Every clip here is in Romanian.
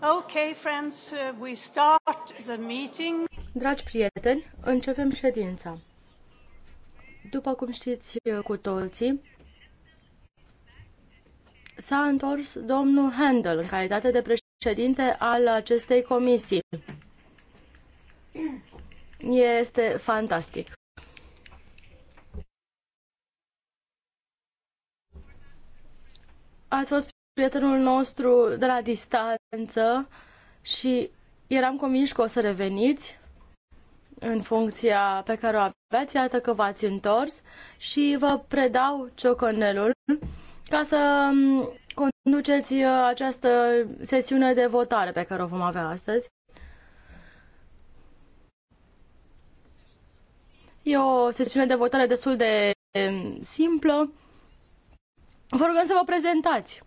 Okay, friends, uh, we start the meeting. Dragi prieteni, începem ședința. După cum știți cu toții, s-a întors domnul Handel în calitate de președinte al acestei comisii. Este fantastic. Ați fost prietenul nostru de la distanță și eram convins că o să reveniți în funcția pe care o aveți, Iată că v-ați întors și vă predau ciocănelul ca să mm, conduceți uh, această sesiune de votare pe care o vom avea astăzi. E o sesiune de votare destul de mm, simplă. Vă rugăm să vă prezentați.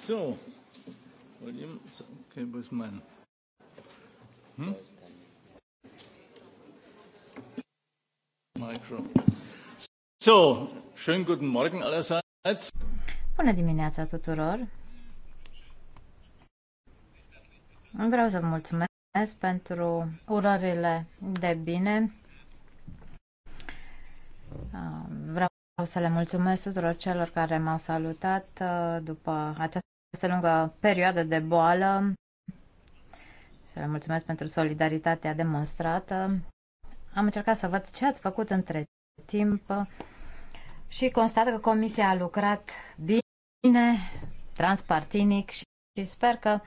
So, William, okay, wo ist mein? Hm? Micro. So, schönen guten Morgen allerseits. Bună dimineața tuturor! Vreau să mulțumesc pentru urările de bine. Ah, vreau Vreau să le mulțumesc tuturor celor care m-au salutat uh, după această lungă perioadă de boală. Să le mulțumesc pentru solidaritatea demonstrată. Am încercat să văd ce ați făcut între timp și constat că comisia a lucrat bine, transpartinic și sper că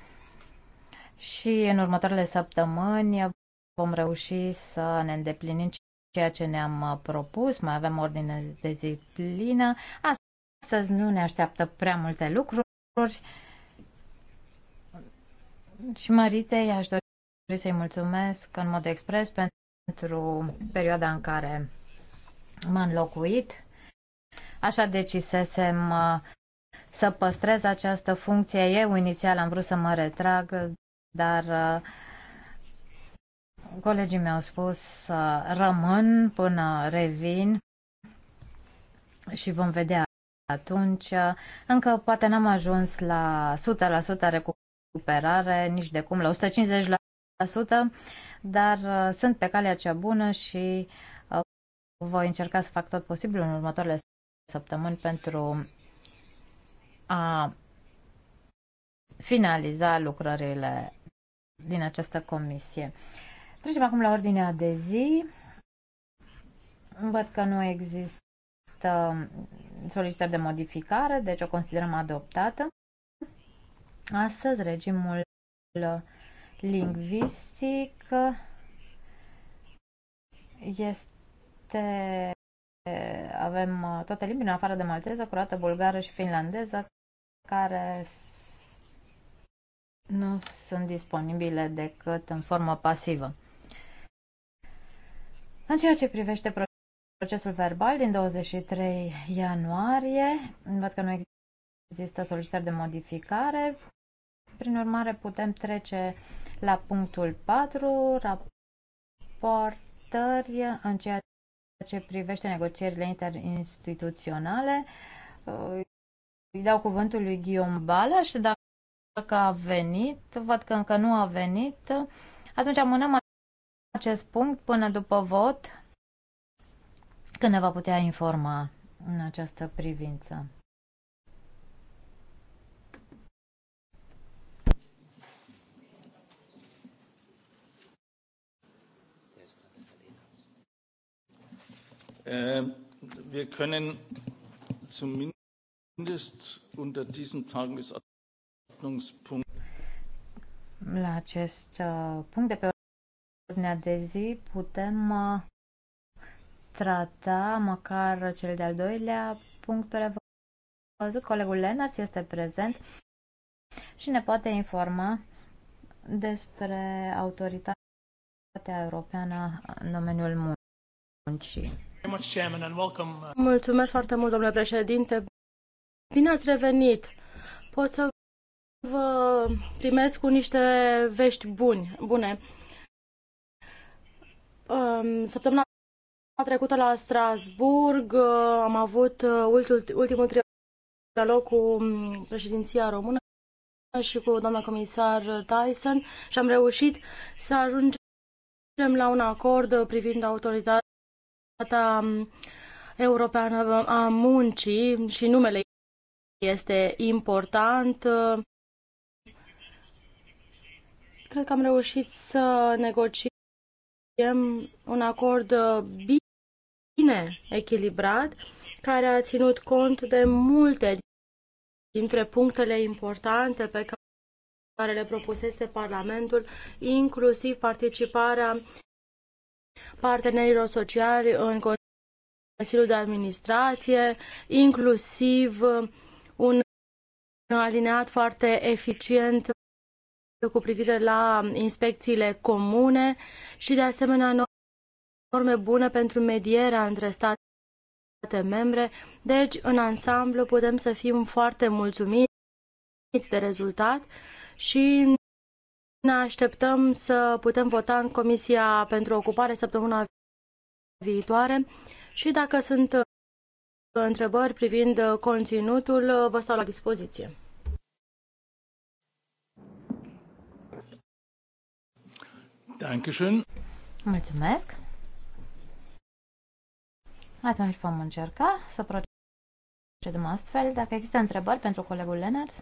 și în următoarele săptămâni vom reuși să ne îndeplinim ceea ce ne-am uh, propus, mai avem ordine de zi plină. Astăzi nu ne așteaptă prea multe lucruri. Și Maritei aș dori să-i mulțumesc în mod expres pentru perioada în care m-am înlocuit. Așa decisesem uh, să păstrez această funcție. Eu inițial am vrut să mă retrag, dar uh, Colegii mi-au spus să rămân până revin și vom vedea atunci. Încă poate n-am ajuns la 100% recuperare, nici de cum la 150%, dar uh, sunt pe calea cea bună și uh, voi încerca să fac tot posibilul în următoarele săptămâni pentru a finaliza lucrările din această comisie. Trecem acum la ordinea de zi. Văd că nu există solicitări de modificare, deci o considerăm adoptată. Astăzi, regimul lingvistic este avem toate limbile în afară de malteză, curată, bulgară și finlandeză care nu sunt disponibile decât în formă pasivă. În ceea ce privește procesul verbal din 23 ianuarie, văd că nu există solicitări de modificare. Prin urmare, putem trece la punctul 4, raportări în ceea ce privește negocierile interinstituționale. Îi dau cuvântul lui Guillaume Bala și dacă a venit, văd că încă nu a venit, atunci amânăm acest punct până după vot, când ne va putea informa în această privință. Äh, wir können zumindest unter la acest äh, punct de pe ordinea de zi putem uh, trata măcar cel de-al doilea punct văzut. Colegul Lenars este prezent și ne poate informa despre autoritatea europeană în domeniul muncii. Mulțumesc foarte mult, domnule președinte. Bine ați revenit. Pot să vă primesc cu niște vești buni, bune. Săptămâna trecută la Strasburg uh, am avut uh, ultimul trialog cu mm, președinția română și cu doamna comisar Tyson și am reușit să ajungem la un acord privind autoritatea mm, europeană a muncii și numele este important. Cred că am reușit să negociem avem un acord uh, bine echilibrat care a ținut cont de multe dintre punctele importante pe care le propusese Parlamentul, inclusiv participarea partenerilor sociali în Consiliul de Administrație, inclusiv un alineat foarte eficient cu privire la inspecțiile comune și, de asemenea, norme bune pentru medierea între state membre. Deci, în ansamblu, putem să fim foarte mulțumiți de rezultat și ne așteptăm să putem vota în Comisia pentru Ocupare săptămâna viitoare și dacă sunt întrebări privind conținutul, vă stau la dispoziție. Dankeschön. Mulțumesc. Atunci vom încerca să procedăm astfel. Dacă există întrebări pentru colegul Lenars.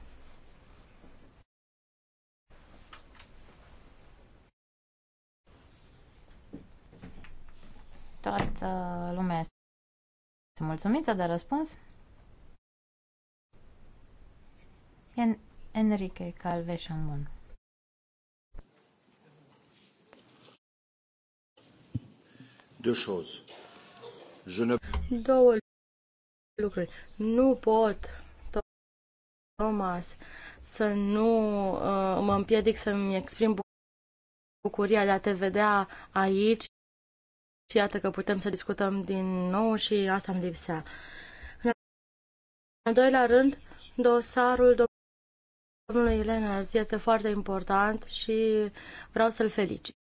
Toată lumea este mulțumită de răspuns. En Enrique Calveșambun. Deux choses. Je ne... Două lucruri. Nu pot, Thomas, să nu uh, mă împiedic să-mi exprim bucuria de a te vedea aici și iată că putem să discutăm din nou și asta îmi lipsea. În al doilea rând, dosarul domnului Lenars este foarte important și vreau să-l felicit.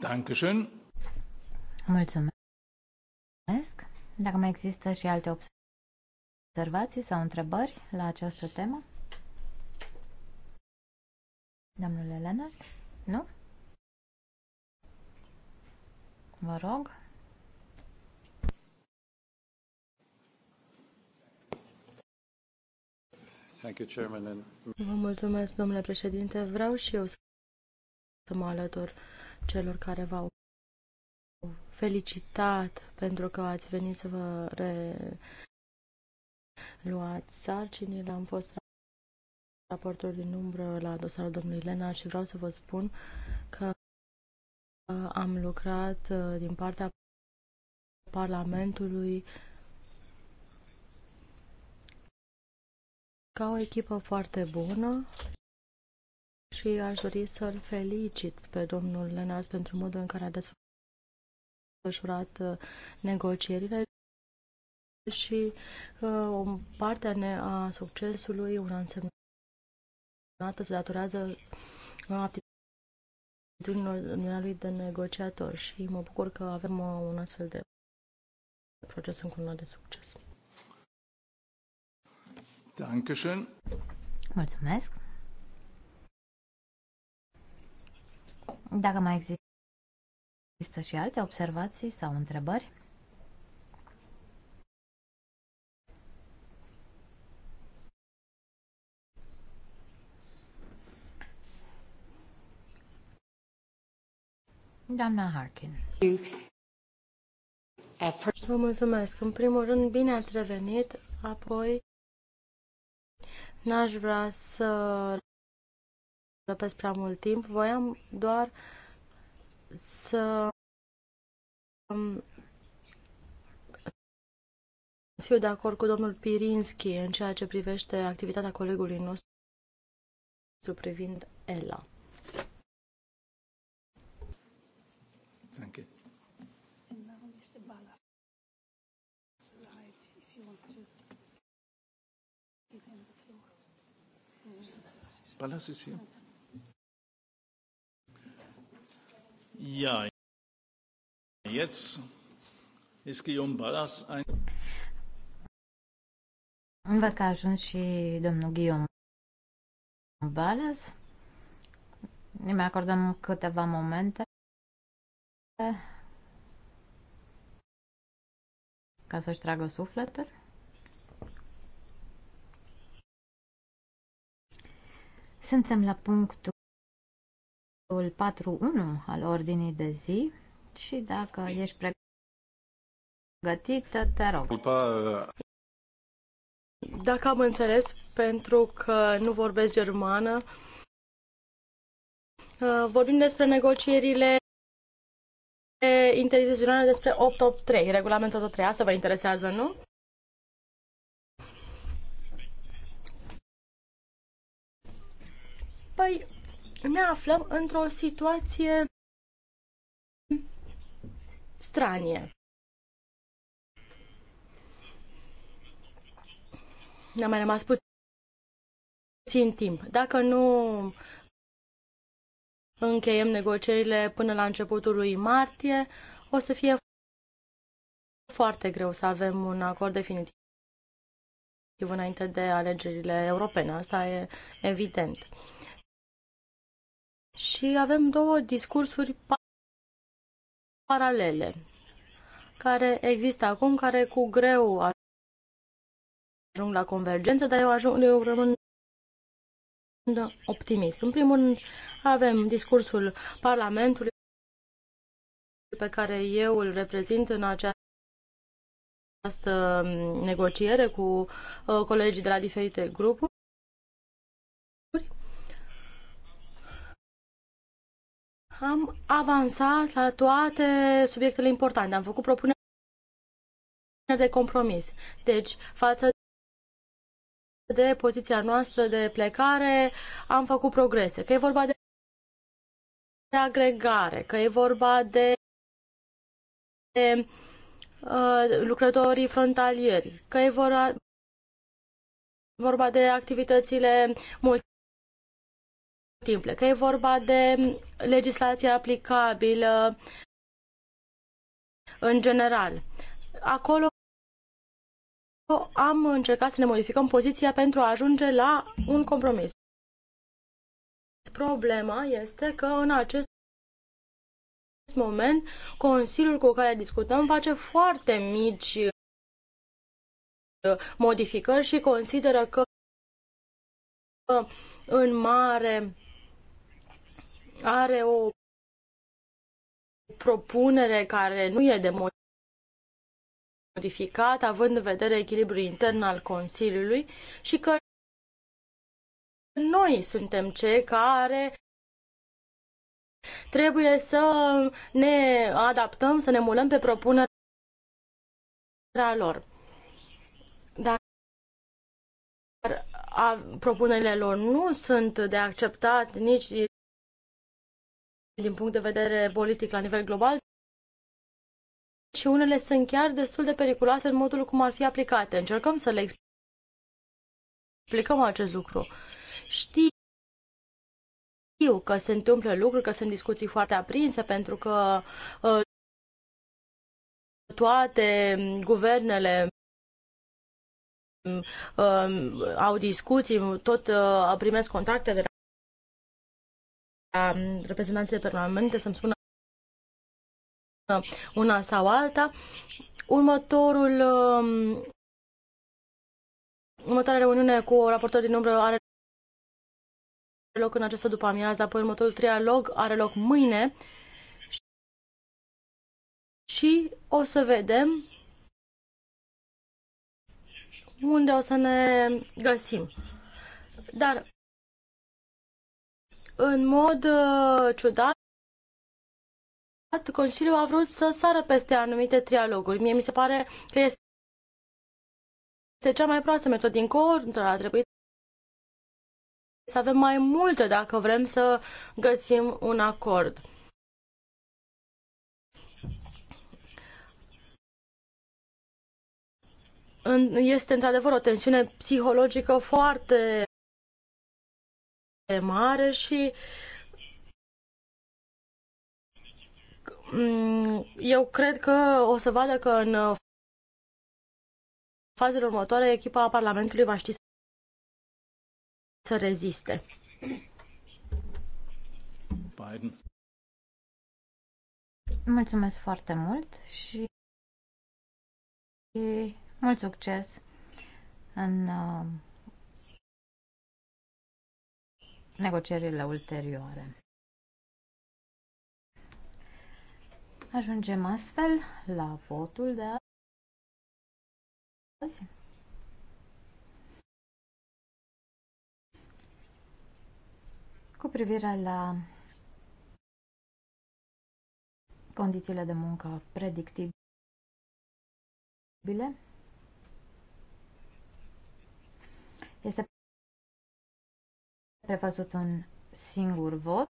Dankeschön. Mulțumesc. Dacă mai există și alte observații sau întrebări la această temă? Domnule Lenners? Nu? Vă rog. Vă mulțumesc, domnule președinte. Vreau și eu să mă alătur celor care v-au felicitat pentru că ați venit să vă luați sarcinile. Am fost raportor din umbră la dosarul domnului Lena și vreau să vă spun că uh, am lucrat uh, din partea Parlamentului ca o echipă foarte bună și aș dori să-l felicit pe domnul Lenart pentru modul în care a desfășurat uh, negocierile și uh, o parte a succesului, una însemnată, se datorează uh, aptitudinilor lui de negociator și mă bucur că avem un astfel de proces încununat de succes. Dankeschön. Mulțumesc. Dacă mai există și alte observații sau întrebări? Doamna Harkin. Vă mulțumesc. În primul rând, bine ați revenit. Apoi, n-aș vrea să răpesc prea mult timp, voiam doar să um, fiu de acord cu domnul Pirinski în ceea ce privește activitatea colegului nostru privind ELA. Thank you. Palace is here. Ja, jetzt ist Guillaume Ballas ein... Văd că a ajuns și domnul Guillaume Balas. Ne mai acordăm câteva momente ca să-și tragă sufletul. Suntem la punctul punctul 4.1 al ordinii de zi și dacă ești pregătită, te rog. Uh, dacă am înțeles, pentru că nu vorbesc germană, uh, vorbim despre negocierile interdizionale despre 883, regulamentul 8.3, Asta vă interesează, nu? Păi, ne aflăm într-o situație stranie. Ne-a mai rămas puțin timp. Dacă nu încheiem negocierile până la începutul lui martie, o să fie foarte greu să avem un acord definitiv înainte de alegerile europene. Asta e evident și avem două discursuri paralele care există acum, care cu greu ajung la convergență, dar eu, ajung, eu rămân optimist. În primul rând, avem discursul Parlamentului pe care eu îl reprezint în această mm, negociere cu uh, colegii de la diferite grupuri Am avansat la toate subiectele importante. Am făcut propuneri de compromis. Deci, față de poziția noastră de plecare, am făcut progrese. Că e vorba de de agregare, că e vorba de, de uh, lucrătorii frontalieri, că e vorba, vorba de activitățile multi multiple, că e vorba de legislație aplicabilă în general. Acolo am încercat să ne modificăm poziția pentru a ajunge la un compromis. Problema este că în acest moment Consiliul cu care discutăm face foarte mici uh, modificări și consideră că în mare are o propunere care nu e de modificat, având în vedere echilibrul intern al Consiliului și că noi suntem cei care trebuie să ne adaptăm, să ne mulăm pe propunerea lor. Dar propunerile lor nu sunt de acceptat nici din punct de vedere politic la nivel global și unele sunt chiar destul de periculoase în modul cum ar fi aplicate. Încercăm să le explicăm acest lucru. Știi știu că se întâmplă lucruri, că sunt discuții foarte aprinse, pentru că uh, toate guvernele uh, au discuții, tot uh, primesc contracte. de Mm, reprezentanții de permanente să-mi spună una sau alta. Următorul, mm, următoarea reuniune cu raportor din umbră are loc în această după amiază, apoi următorul trialog are loc mâine și o să vedem unde o să ne găsim. Dar în mod uh, ciudat, Consiliul a vrut să sară peste anumite trialoguri. Mie mi se pare că este cea mai proastă metodă. Din A trebuit să avem mai multe dacă vrem să găsim un acord. Este într-adevăr o tensiune psihologică foarte mare și mm, eu cred că o să vadă că în fazele următoare echipa Parlamentului va ști să reziste. Biden. Mulțumesc foarte mult și, și mult succes în uh, negocierile ulterioare. Ajungem astfel la votul de azi. Cu privire la condițiile de muncă predictibile, este prevăzut un singur vot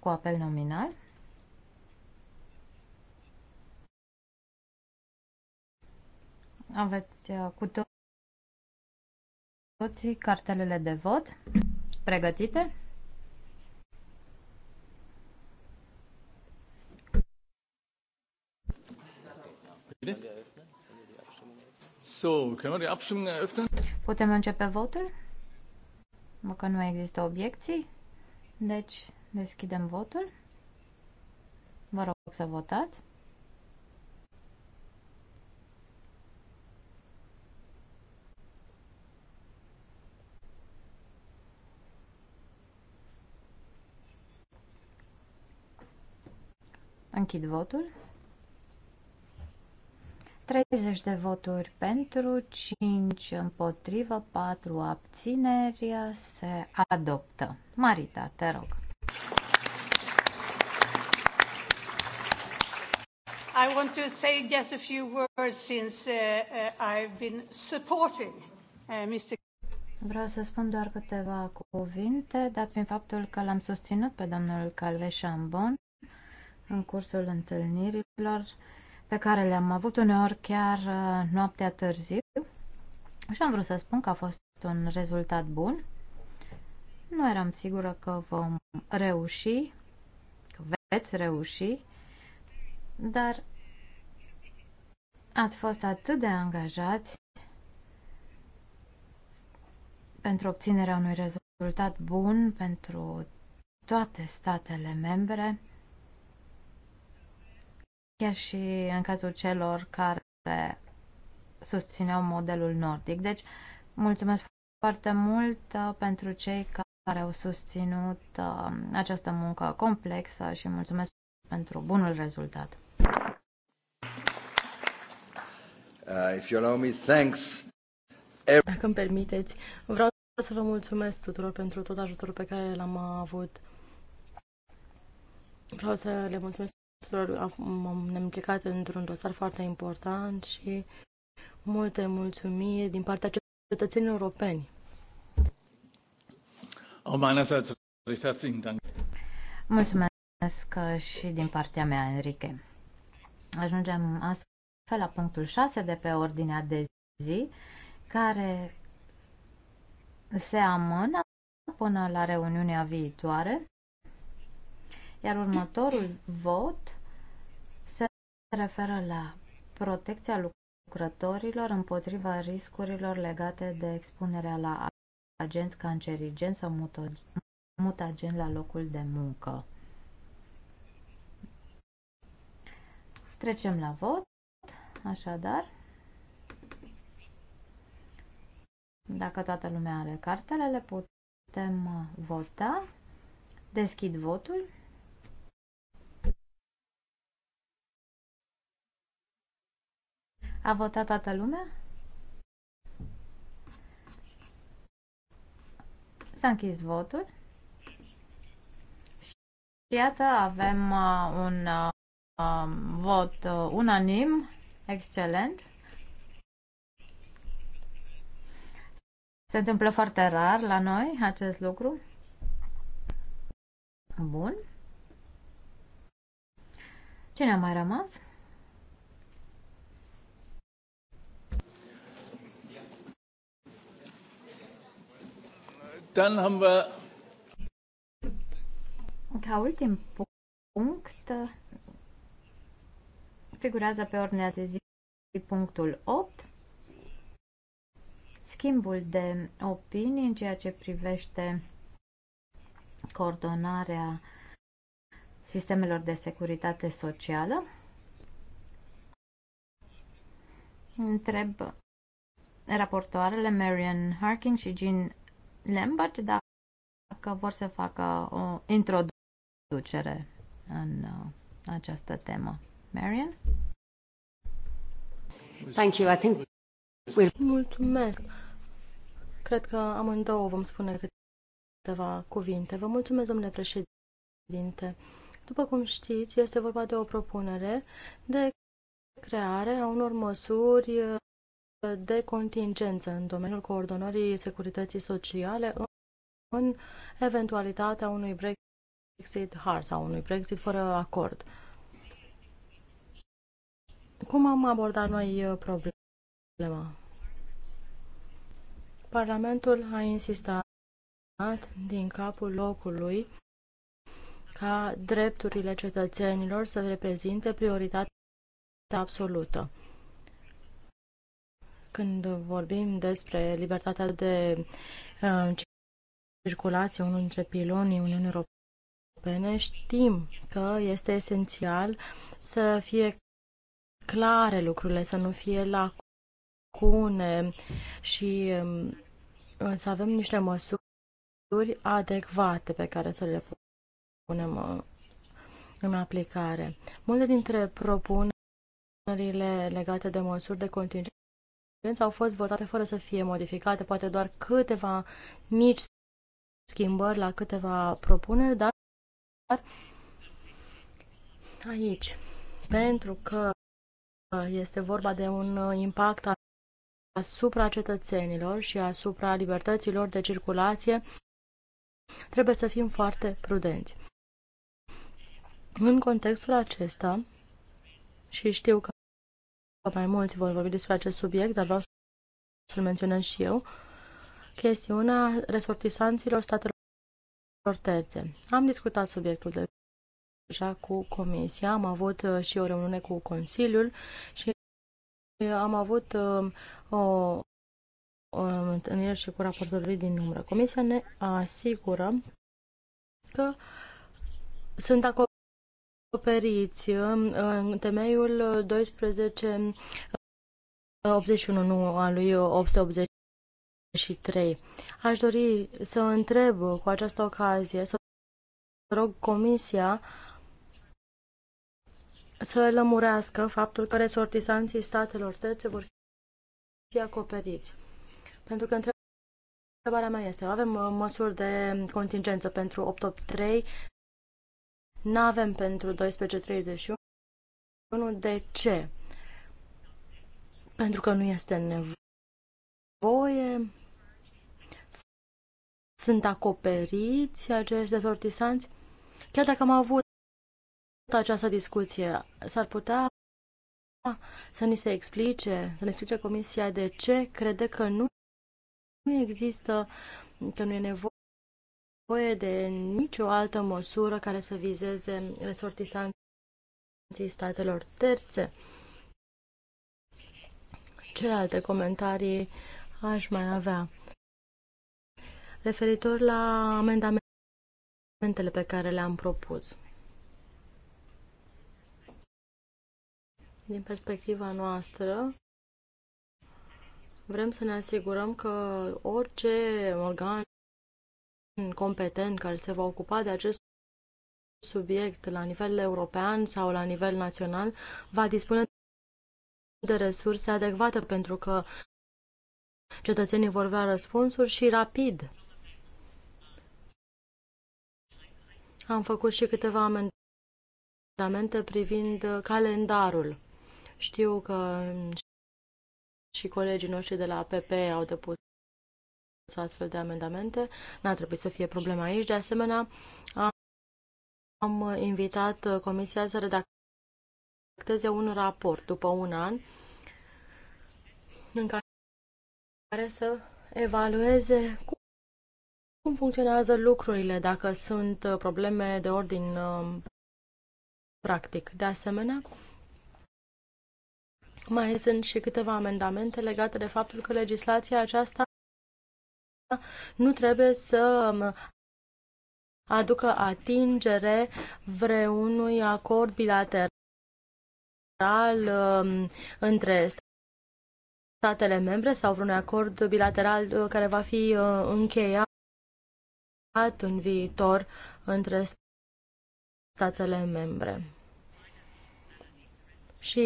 cu apel nominal. Aveți uh, cu toții cartelele de vot pregătite. So, können wir die Abstimmung eröffnen? Putem începe votul? Mă că nu există obiecții. Deci, deschidem votul. Vă rog să votați. Închid votul. 30 de voturi pentru, 5 împotrivă, 4 abțineri, se adoptă. Marita, te rog. I want to say just a few words since uh, uh, I've been supporting uh, Mr. Vreau să spun doar câteva cuvinte, dar prin faptul că l-am susținut pe domnul Calveșambon în cursul întâlnirilor, uh, pe care le-am avut uneori chiar uh, noaptea târziu și am vrut să spun că a fost un rezultat bun. Nu eram sigură că vom reuși, că veți reuși, dar ați fost atât de angajați pentru obținerea unui rezultat bun pentru toate statele membre chiar și în cazul celor care susțineau modelul nordic. Deci, mulțumesc foarte mult uh, pentru cei care au susținut uh, această muncă complexă și mulțumesc pentru bunul rezultat. Uh, if you allow me, thanks. Dacă îmi permiteți, vreau să vă mulțumesc tuturor pentru tot ajutorul pe care l-am avut. Vreau să le mulțumesc am, ne-am implicat într-un dosar foarte important și multe mulțumiri din partea cetățenilor europeni. Mulțumesc uh, și din partea mea, Enrique. Ajungem astfel la punctul 6 de pe ordinea de zi, care se amână până la reuniunea viitoare iar următorul vot se referă la protecția lucrătorilor împotriva riscurilor legate de expunerea la agenți cancerigeni sau mutageni la locul de muncă. Trecem la vot, așadar. Dacă toată lumea are cartelele, putem vota. Deschid votul. A votat toată lumea? S-a închis votul. Și iată, avem uh, un uh, um, vot uh, unanim, excelent. Se întâmplă foarte rar la noi acest lucru. Bun. Cine a mai rămas? Dann haben wir ca ultim punct figurează pe ordinea de zi punctul 8 schimbul de opinii în ceea ce privește coordonarea sistemelor de securitate socială. Întreb raportoarele Marian Harkin și Jean Lambert dacă vor să facă o introducere în uh, această temă. Marian? Thank you. I think we'll... Mulțumesc. Cred că amândouă vom spune câteva cuvinte. Vă mulțumesc, domnule președinte. După cum știți, este vorba de o propunere de creare a unor măsuri de contingență în domeniul coordonării securității sociale în eventualitatea unui Brexit hard sau unui Brexit fără acord. Cum am abordat noi uh, problema? Parlamentul a insistat din capul locului ca drepturile cetățenilor să reprezinte prioritatea absolută. Când vorbim despre libertatea de uh, circulație, unul dintre pilonii Uniunii Europene, știm că este esențial să fie clare lucrurile, să nu fie lacune și um, să avem niște măsuri adecvate pe care să le punem uh, în aplicare. Multe dintre propunerile legate de măsuri de contingență au fost votate fără să fie modificate, poate doar câteva mici schimbări la câteva propuneri, dar aici, pentru că este vorba de un impact asupra cetățenilor și asupra libertăților de circulație, trebuie să fim foarte prudenți. În contextul acesta, și știu că mai mulți vor vorbi despre acest subiect, dar vreau să-l menționez și eu, chestiunea resortisanților statelor terțe. Am discutat subiectul de deja cu Comisia, am avut uh, și o reuniune cu Consiliul și uh, am avut uh, o, o întâlnire și cu raportorii din umbră. Comisia ne asigură că sunt acolo descoperiți uh, în temeiul 12 81 uh, nu, al lui 883. Aș dori să întreb cu această ocazie, să rog Comisia să lămurească faptul că resortisanții statelor terțe vor fi acoperiți. Pentru că întrebarea mea este, avem uh, măsuri de contingență pentru 883 nu avem pentru 12.31. De ce? Pentru că nu este nevoie. Sunt acoperiți acești desortisanți. Chiar dacă am avut această discuție, s-ar putea să ni se explice, să ne explice Comisia de ce crede că nu, nu există, că nu e nevoie nevoie de nicio altă măsură care să vizeze resortisanții statelor terțe. Ce alte comentarii aș mai avea? Referitor la amendamentele pe care le-am propus. Din perspectiva noastră, vrem să ne asigurăm că orice organ competent care se va ocupa de acest subiect la nivel european sau la nivel național va dispune de resurse adecvate pentru că cetățenii vor avea răspunsuri și rapid. Am făcut și câteva amendamente privind calendarul. Știu că și colegii noștri de la PP au depus astfel de amendamente. N-a trebuit să fie problema aici. De asemenea, am invitat Comisia să redacteze un raport după un an în care să evalueze cum funcționează lucrurile, dacă sunt probleme de ordin um, practic. De asemenea, mai sunt și câteva amendamente legate de faptul că legislația aceasta nu trebuie să aducă atingere vreunui acord bilateral um, între statele membre sau vreun acord bilateral uh, care va fi uh, încheiat în viitor între statele membre. Și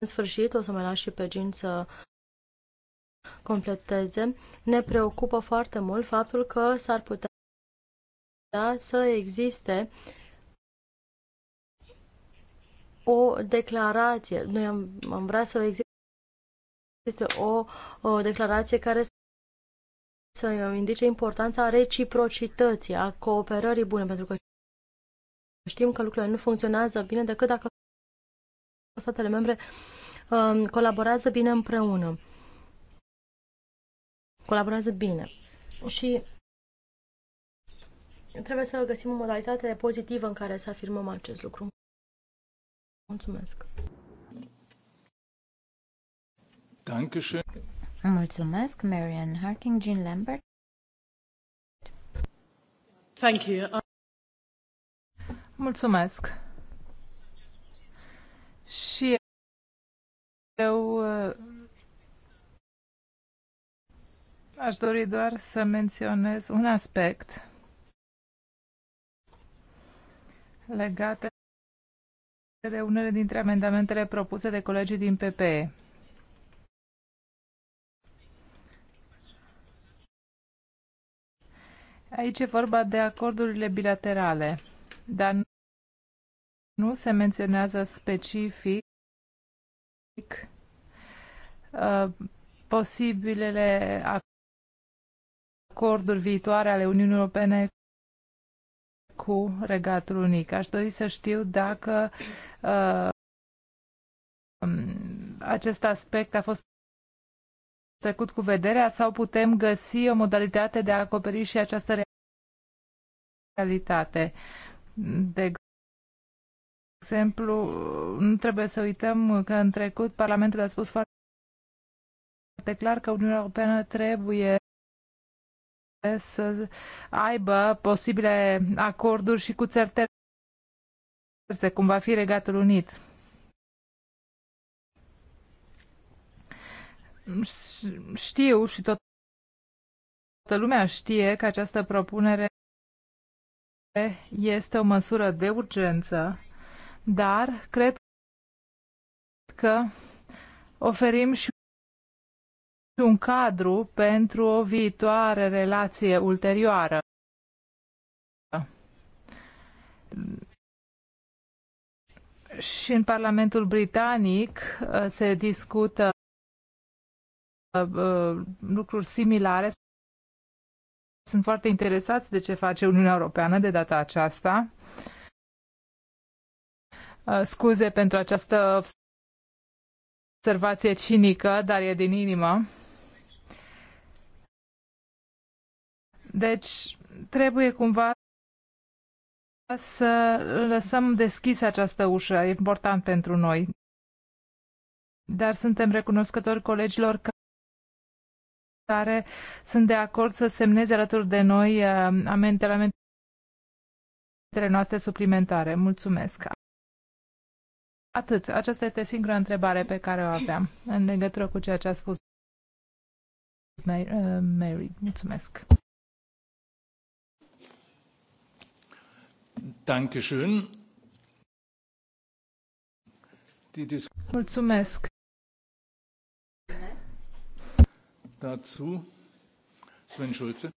în sfârșit o să mai las și pe Gin să completeze. Ne preocupă foarte mult faptul că s-ar putea să existe o declarație. Noi am, am vrea să existe o, o declarație care să indice importanța reciprocității, a cooperării bune, pentru că știm că lucrurile nu funcționează bine decât dacă statele membre um, colaborează bine împreună colaborează bine. Și trebuie să găsim o modalitate pozitivă în care să afirmăm acest lucru. Mulțumesc! Dankeschön. Mulțumesc, Marian Harking, Jean Lambert. Thank you. Mulțumesc. Și eu Aș dori doar să menționez un aspect legat de unele dintre amendamentele propuse de colegii din PPE. Aici e vorba de acordurile bilaterale, dar nu se menționează specific uh, posibilele acorduri viitoare ale Uniunii Europene cu Regatul Unic. Aș dori să știu dacă uh, acest aspect a fost trecut cu vederea sau putem găsi o modalitate de a acoperi și această realitate. De exemplu, nu trebuie să uităm că în trecut Parlamentul a spus foarte clar că Uniunea Europeană trebuie să aibă posibile acorduri și cu țări terțe, cum va fi Regatul Unit. Știu și tot toată lumea știe că această propunere este o măsură de urgență, dar cred că oferim și un cadru pentru o viitoare relație ulterioară. Și în Parlamentul Britanic uh, se discută uh, lucruri similare. Sunt foarte interesați de ce face Uniunea Europeană de data aceasta. Uh, scuze pentru această observație cinică, dar e din inimă. Deci, trebuie cumva să lăsăm deschis această ușă. E important pentru noi. Dar suntem recunoscători colegilor care sunt de acord să semneze alături de noi uh, amendamentele noastre suplimentare. Mulțumesc! Atât. Aceasta este singura întrebare pe care o aveam în legătură cu ceea ce a spus Mary. Uh, Mulțumesc! Dankeschön. Mulțumesc. Dazu Sven Schulze.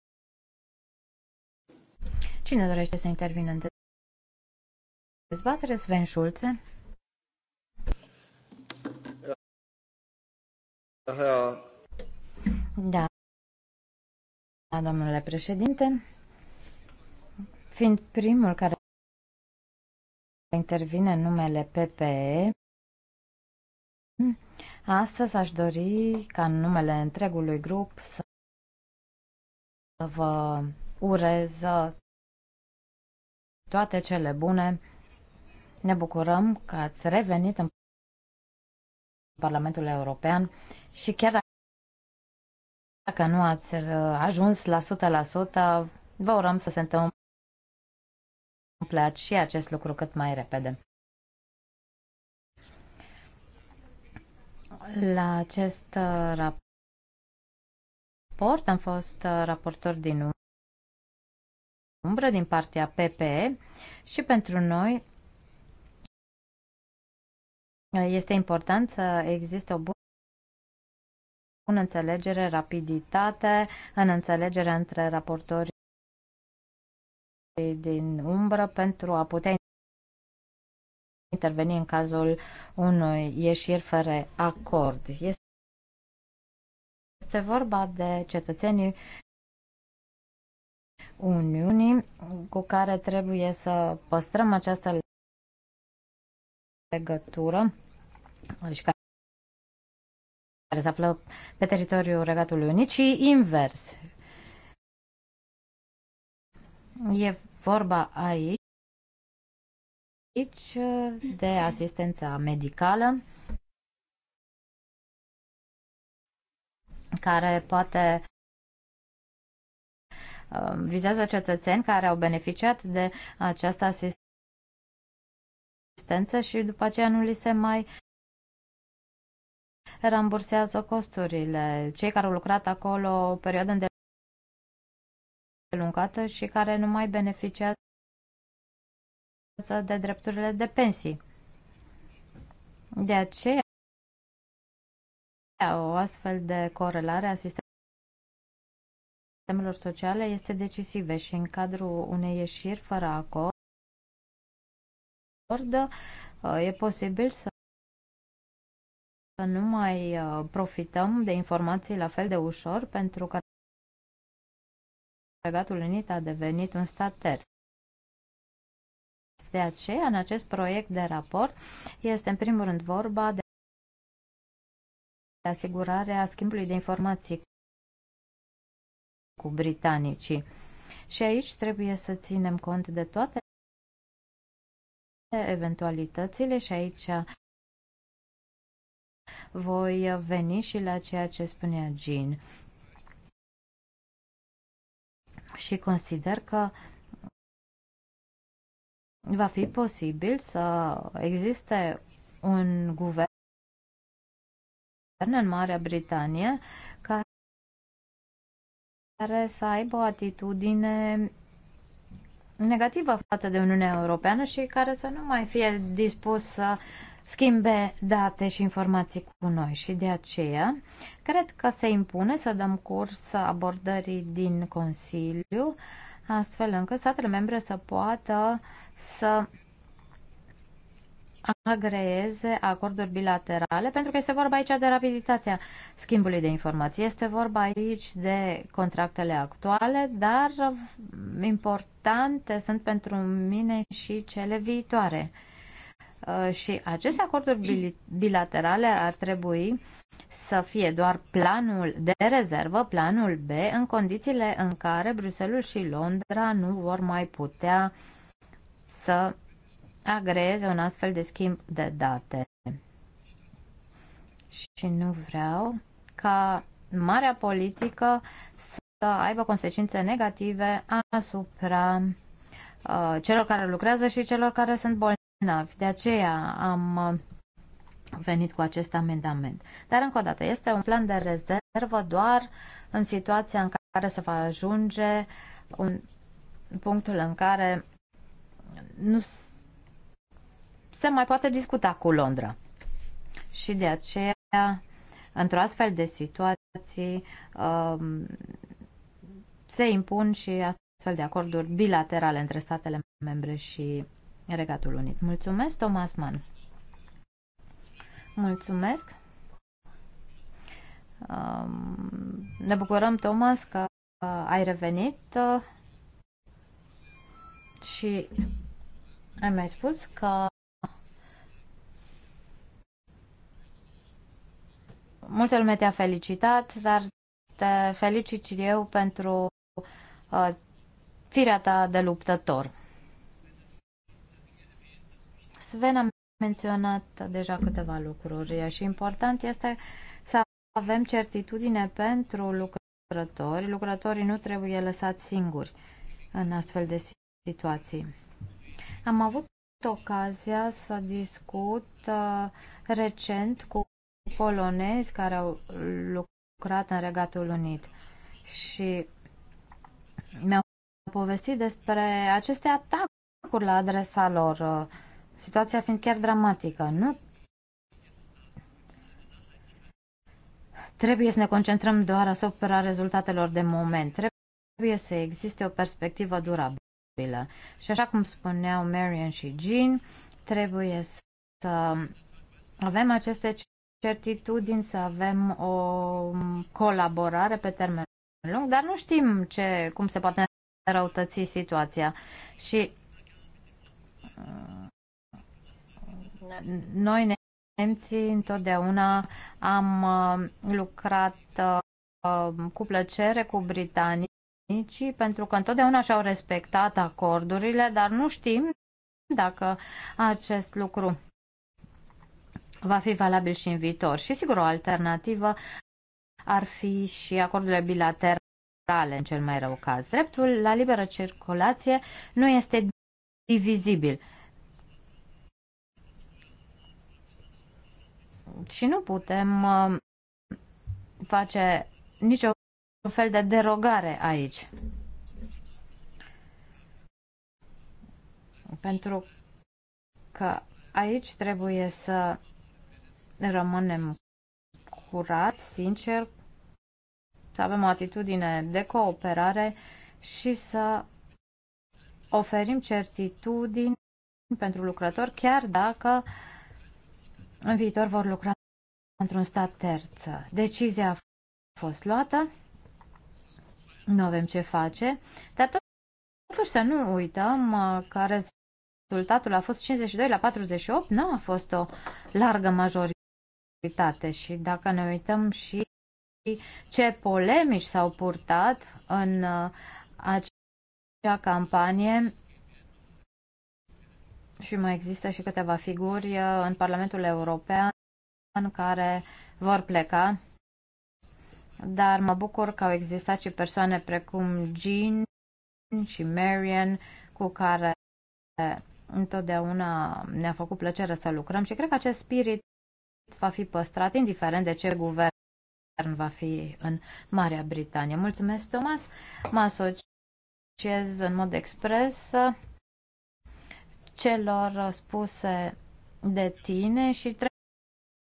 Cine dorește să intervină în dezbatere? Sven Schulze. Da. da, domnule președinte, fiind primul care intervine numele PPE. Astăzi aș dori ca în numele întregului grup să vă urez toate cele bune. Ne bucurăm că ați revenit în Parlamentul European și chiar dacă nu ați ajuns la 100%, vă urăm să se întâmple întâmplat și acest lucru cât mai repede. La acest uh, raport am fost uh, raportor din umbră din partea PPE și pentru noi este important să existe o bună înțelegere, rapiditate în înțelegere între raportori din umbră pentru a putea interveni în cazul unui ieșiri fără acord. Este vorba de cetățenii Uniunii cu care trebuie să păstrăm această legătură și care se află pe teritoriul Regatului Unit și invers. E vorba aici uh, de asistența medicală care poate uh, vizează cetățeni care au beneficiat de această asistență și după aceea nu li se mai rambursează costurile. Cei care au lucrat acolo o perioadă de prelungată și care nu mai beneficiază de drepturile de pensii. De aceea, o astfel de corelare a sistemelor sociale este decisive și în cadrul unei ieșiri fără acord uh, e posibil să nu mai uh, profităm de informații la fel de ușor pentru că Regatul Unit a devenit un stat terț. De aceea, în acest proiect de raport, este în primul rând vorba de asigurarea schimbului de informații cu britanicii. Și aici trebuie să ținem cont de toate eventualitățile și aici voi veni și la ceea ce spunea Jean și consider că va fi posibil să existe un guvern în Marea Britanie care să aibă o atitudine negativă față de Uniunea Europeană și care să nu mai fie dispus să schimbe date și informații cu noi și de aceea cred că se impune să dăm curs abordării din Consiliu astfel încât statele membre să poată să agreeze acorduri bilaterale, pentru că este vorba aici de rapiditatea schimbului de informații. Este vorba aici de contractele actuale, dar importante sunt pentru mine și cele viitoare. Uh, și aceste acorduri bilaterale ar trebui să fie doar planul de rezervă, planul B, în condițiile în care Bruselul și Londra nu vor mai putea să agreeze un astfel de schimb de date. Și nu vreau ca marea politică să aibă consecințe negative asupra uh, celor care lucrează și celor care sunt bolnavi bolnavi. De aceea am uh, venit cu acest amendament. Dar, încă o dată, este un plan de rezervă doar în situația în care se va ajunge un punctul în care nu se mai poate discuta cu Londra. Și de aceea, într-o astfel de situații, um, se impun și astfel de acorduri bilaterale între statele membre și Regatul Unit. Mulțumesc, Thomas Mann. Mulțumesc. Um, ne bucurăm, Thomas, că uh, ai revenit uh, și ai mai spus că multă lume te-a felicitat, dar te felicit și eu pentru uh, firea ta de luptător. Sven a menționat deja câteva lucruri și important este să avem certitudine pentru lucrători. Lucrătorii nu trebuie lăsați singuri în astfel de situații. Am avut ocazia să discut uh, recent cu polonezi care au lucrat în Regatul Unit și mi-au povestit despre aceste atacuri la adresa lor. Uh, situația fiind chiar dramatică. Nu trebuie să ne concentrăm doar asupra rezultatelor de moment. Trebuie să existe o perspectivă durabilă. Și așa cum spuneau Marian și Jean, trebuie să avem aceste certitudini, să avem o colaborare pe termen lung, dar nu știm ce, cum se poate răutăți situația. Și noi, nemții, întotdeauna am uh, lucrat uh, cu plăcere cu britanicii pentru că întotdeauna și-au respectat acordurile, dar nu știm dacă acest lucru va fi valabil și în viitor. Și sigur, o alternativă ar fi și acordurile bilaterale în cel mai rău caz. Dreptul la liberă circulație nu este divizibil. și nu putem uh, face nicio fel de derogare aici. Pentru că aici trebuie să rămânem curați, sinceri, să avem o atitudine de cooperare și să oferim certitudini pentru lucrători, chiar dacă uh, în viitor vor lucra într-un stat terț. Decizia a fost luată, nu avem ce face, dar totuși să nu uităm uh, că rezultatul a fost 52 la 48, nu a fost o largă majoritate și dacă ne uităm și ce polemici s-au purtat în uh, acea campanie și mai există și câteva figuri uh, în Parlamentul European care vor pleca, dar mă bucur că au existat și persoane precum Jean și Marian cu care întotdeauna ne-a făcut plăcere să lucrăm și cred că acest spirit va fi păstrat indiferent de ce guvern va fi în Marea Britanie. Mulțumesc, Thomas. Mă asociez în mod expres celor spuse de tine și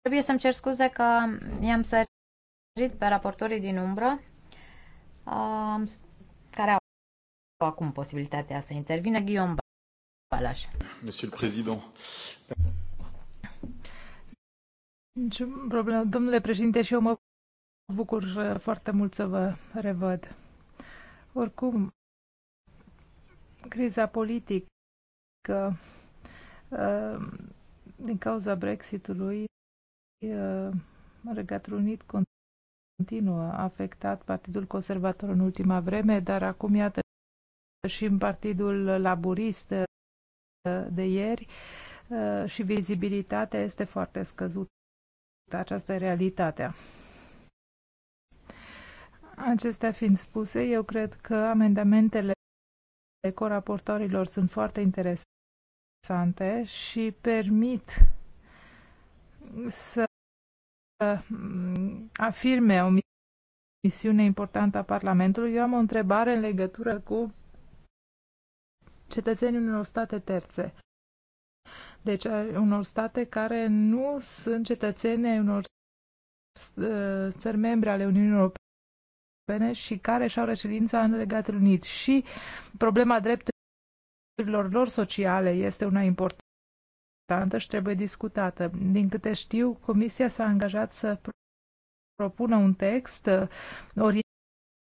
trebuie să-mi cer scuze că i-am sărit pe raportorii din umbră care au acum posibilitatea să intervine. Guillaume Balaș. Monsieur le Président. Niciun problemă. Domnule președinte, și eu mă bucur uh, foarte mult să vă revăd. Oricum, criza politică că uh, din cauza Brexitului uh, Regatul Unit continuă afectat Partidul Conservator în ultima vreme, dar acum iată și în Partidul Laburist uh, de ieri și vizibilitatea este foarte scăzută. Aceasta e realitatea. Acestea fiind spuse, eu cred că amendamentele coraportorilor sunt foarte interesante interesante și permit să mm, afirme o misiune importantă a Parlamentului. Eu am o întrebare în legătură cu cetățenii unor state terțe. Deci, unor state care nu sunt cetățeni ai unor ă, țări membre ale Uniunii Europene și care și-au reședința în Regatul Unit. Și problema dreptului drepturilor lor sociale este una importantă și trebuie discutată. Din câte știu, Comisia s-a angajat să propună un text, uh,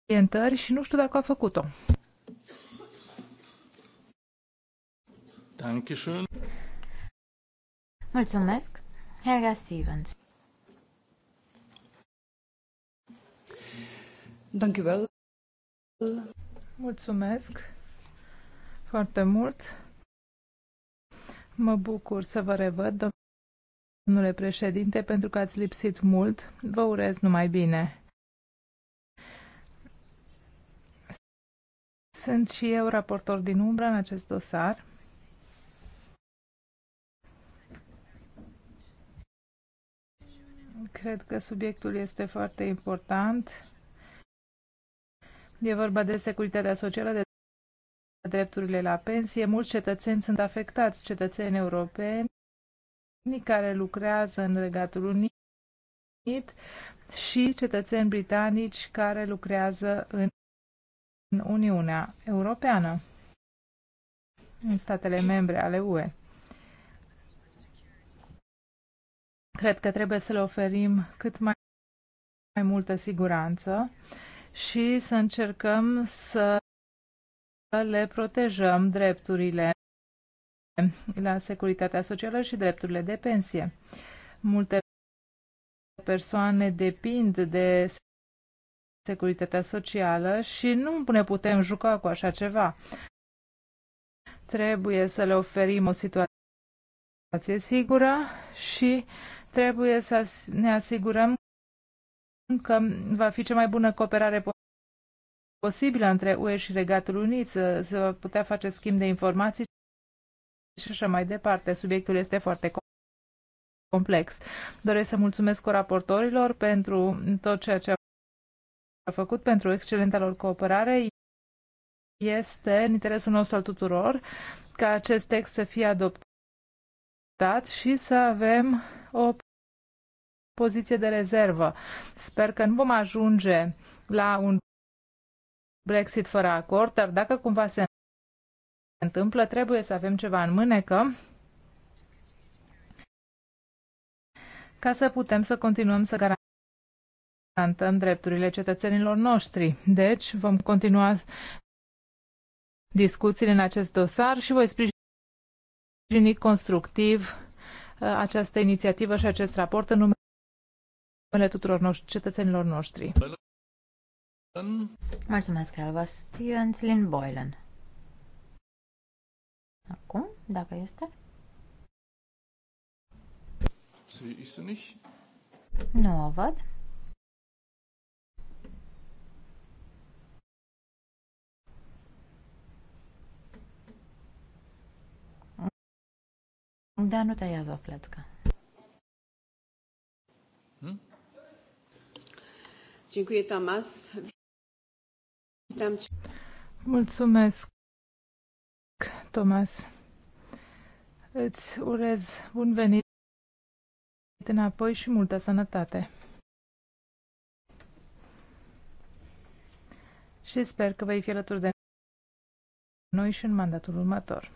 orientări și nu știu dacă a făcut-o. Mulțumesc. Helga Stevens. Mulțumesc foarte mult. Mă bucur să vă revăd, domnule președinte, pentru că ați lipsit mult. Vă urez numai bine. Sunt și eu raportor din umbră în acest dosar. Cred că subiectul este foarte important. E vorba de securitatea socială, de drepturile la pensie. Mulți cetățeni sunt afectați, cetățeni europeni care lucrează în Regatul Unit și cetățeni britanici care lucrează în Uniunea Europeană, în statele membre ale UE. Cred că trebuie să le oferim cât mai, mai multă siguranță și să încercăm să le protejăm drepturile la securitatea socială și drepturile de pensie. Multe persoane depind de securitatea socială și nu ne putem juca cu așa ceva. Trebuie să le oferim o situație sigură și trebuie să ne asigurăm că va fi cea mai bună cooperare posibilă între UE și Regatul Unit, să, să putea face schimb de informații și așa mai departe. Subiectul este foarte complex. Doresc să mulțumesc raportorilor pentru tot ceea ce a făcut, pentru excelenta lor cooperare. Este în interesul nostru al tuturor ca acest text să fie adoptat și să avem o poziție de rezervă. Sper că nu vom ajunge la un Brexit fără acord, dar dacă cumva se întâmplă, trebuie să avem ceva în mânecă ca să putem să continuăm să garantăm drepturile cetățenilor noștri. Deci, vom continua discuțiile în acest dosar și voi sprijini constructiv uh, această inițiativă și acest raport în numele tuturor noștri, cetățenilor noștri. Boylan. Mulțumesc, Elva Steven Lynn Boylan. Acum, dacă este. Nu o văd. Da, nu tăiază o plețcă. Hm? Dziękuję, Tomas. Mulțumesc, Thomas. Îți urez bun venit înapoi și multă sănătate. Și sper că vei fi alături de noi și în mandatul următor.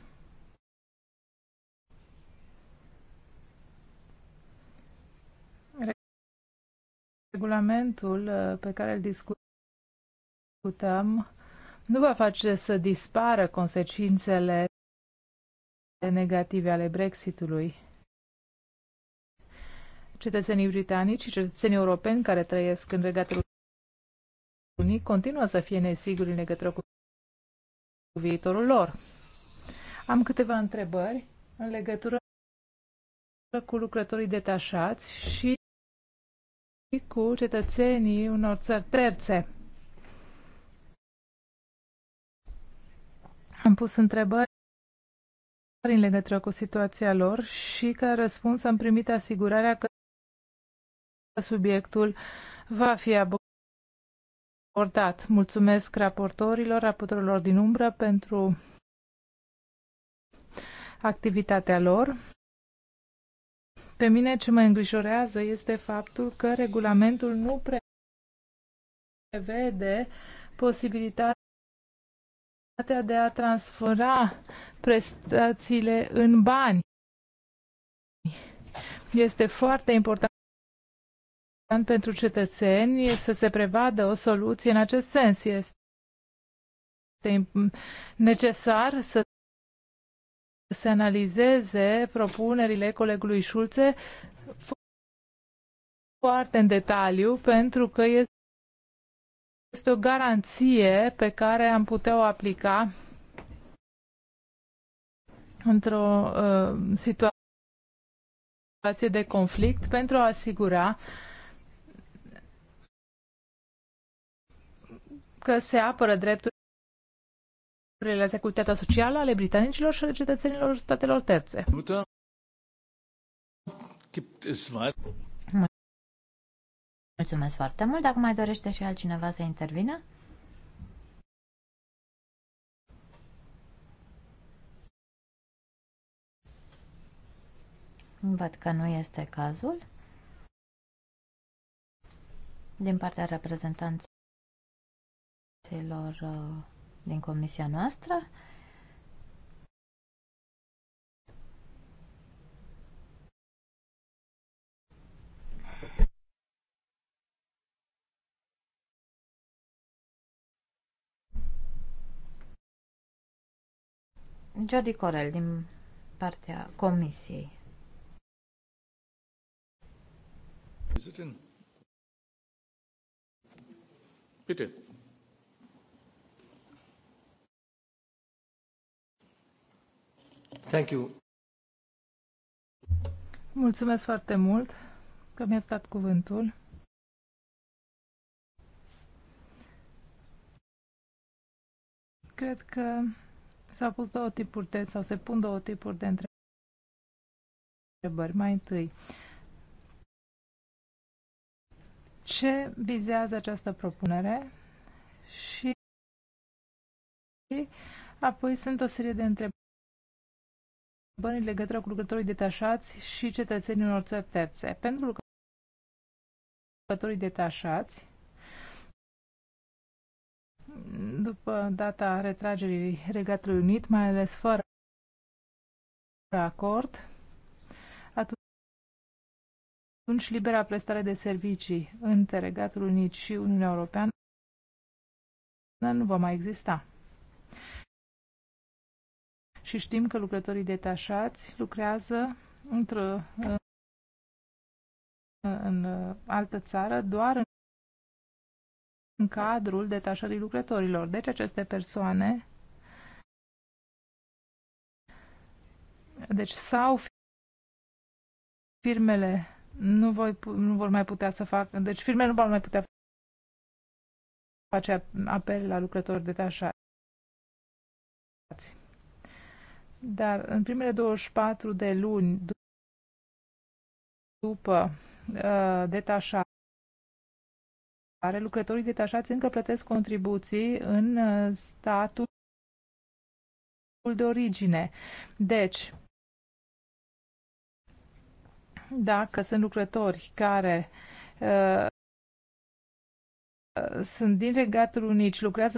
Regulamentul uh, pe care îl discutăm discutăm nu va face să dispară consecințele negative ale Brexitului. Cetățenii britanici și cetățenii europeni care trăiesc în Regatul Unit continuă să fie nesiguri în legătură cu viitorul lor. Am câteva întrebări în legătură cu lucrătorii detașați și cu cetățenii unor țări terțe Am pus întrebări în legătură cu situația lor și ca răspuns am primit asigurarea că subiectul va fi abordat. Mulțumesc raportorilor, raportorilor din umbră pentru activitatea lor. Pe mine ce mă îngrijorează este faptul că regulamentul nu prevede posibilitatea de a transfera prestațiile în bani. Este foarte important pentru cetățeni să se prevadă o soluție în acest sens. Este necesar să se analizeze propunerile colegului Șulțe foarte în detaliu pentru că este este o garanție pe care am putea o aplica într-o uh, situație de conflict pentru a asigura că se apără drepturile la securitatea socială ale britanicilor și ale cetățenilor statelor terțe. Mulțumesc foarte mult. Dacă mai dorește și altcineva să intervină? Văd că nu este cazul. Din partea reprezentanților uh, din comisia noastră, Jordi Corel din partea Comisiei. Is it in? Bitte. Thank you. Mulțumesc foarte mult că mi-ați dat cuvântul. Cred că S-au pus două tipuri de, sau se pun două tipuri de întrebări. Mai întâi, ce vizează această propunere și apoi sunt o serie de întrebări în legătură cu lucrătorii detașați și cetățenii unor țări terțe. Pentru lucrătorii detașați, după data retragerii Regatului Unit, mai ales fără acord, atunci libera prestare de servicii între Regatul Unit și Uniunea Europeană nu va mai exista. Și știm că lucrătorii detașați lucrează într-o în altă țară doar în cadrul detașării lucrătorilor. Deci aceste persoane deci sau firmele nu, voi, nu vor mai putea să facă, deci firmele nu vor mai putea face apel la lucrători detașați. Dar în primele 24 de luni după uh, detașare, care lucrătorii detașați încă plătesc contribuții în uh, statul de origine. Deci, dacă sunt lucrători care uh, sunt din Regatul unici, lucrează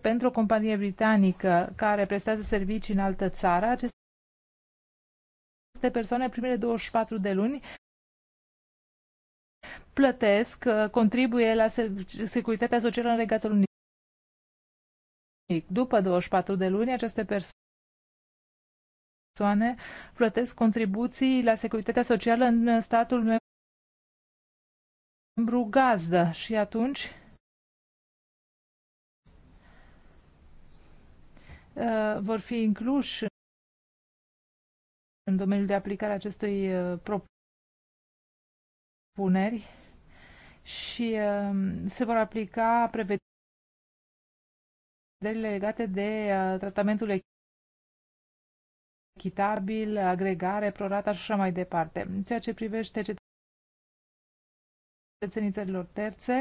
pentru o companie britanică care prestează servicii în altă țară, aceste persoane primele 24 de luni plătesc, uh, contribuie la securitatea socială în Regatul Unic. După 24 de luni, aceste persoane plătesc contribuții la securitatea socială în uh, statul membru gazdă și atunci uh, vor fi incluși în domeniul de aplicare acestui propuneri și um, se vor aplica prevederile legate de uh, tratamentul echitabil, agregare, prorata și așa mai departe. Ceea ce privește cetățenii țărilor terțe,